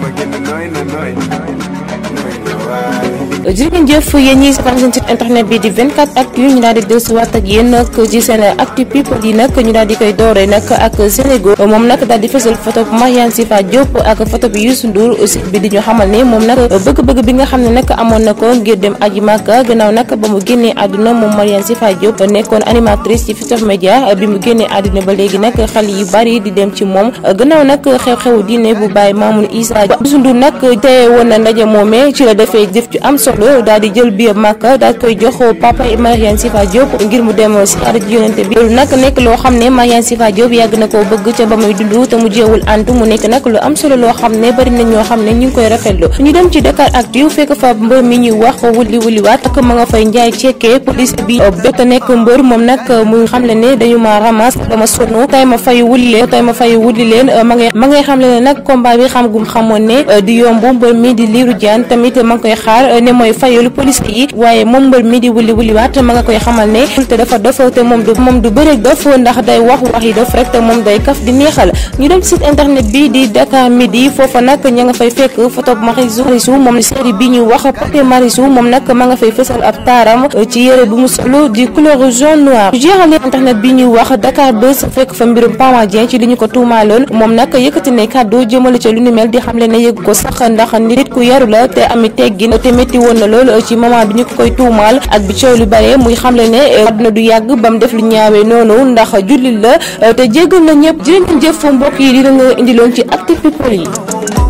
bëgg na nooy na nooy nooy na waay jërë ngeen jëf yéen ñii safan seen site internet bi di 24 actu ñu daal di dellusiwaat ak yéen nag ci seen actu people yi nag ñu daal koy dooree nag ak Sénégal moom nag daal di fësal photo bu Mariane Sifa Diop ak photo bi Youssou Ndour aussi bi di ñu xamal ne moom nag bëgg-bëgg bi nga xam ne nag amoon na ko ngir dem aji Màkka gannaaw nag ba mu génnee àdduna moom Mariane Sifa Diop nekkoon animatrice ci Futurs Médias bi mu génnee àdduna ba léegi nag xel yu bari di dem ci moom gannaaw nag xew-xewu diine bu Baye Mamoun Issa Youssou Ndour nag na ndaje moomee ci la defee jëf ju am solo Lo daal di jël billet Makka daal koy jox papa Mariane Sifa Diop ngir mu dem si xarit yonente bi loolu nag nekk loo xam ne Mariane Sifa Diop yàgg na ko bëgg ca ba muy dund te mu jéewul antu mu nekk nag lu am solo loo xam ne bari na ñoo xam ne ñu ngi koy rafetlu ñu dem ci Dakar ak fekk fa mbër mi ñuy wax wuli wuliwaat ak ma nga fay njaay cekkee police bi bett nekk mbër moom nag muy xam le ne dañu ma ramas dama sonn tay ma fay wuli leen tay ma fay wuli leen ma ngay ma ngay xam le ne nag combat bi xam gum xamoon ne di yomb mbër mi di liiru jaan tamit ma ngi mooy fayalu police yi waaye moom mbër mi di wuli ma nga koy xamal ne te dafa dof te moom du moom du bëre dof ndax day wax wax yi dof rek te moom day kaf di neexal ñu dem site internet bi di Dakar Midi foofa nag ña nga fay fekk photo Marichou Marichou moom série ma nga fay fësal ab taaram ci yére bu mu solo di couleur noir ñu internet bi ñuy wax Dakar Buzz fekk fa mbirum Pape ci li ñu ko tuumaaloon moom nag yëkkati ne kàddu jëmale ca lu ni mel di xamle ne yëg woon na lool ci moment bi ñu koy tuumaal ak bi coow lu bare muy xamle ne eh, àdduna du yàgg ba def lu ñaawee noonu ndax jullit la eh, te jéggal na ñëpp jërë ngeen jëf mbokk yi dina nga indiloon ci acte people yi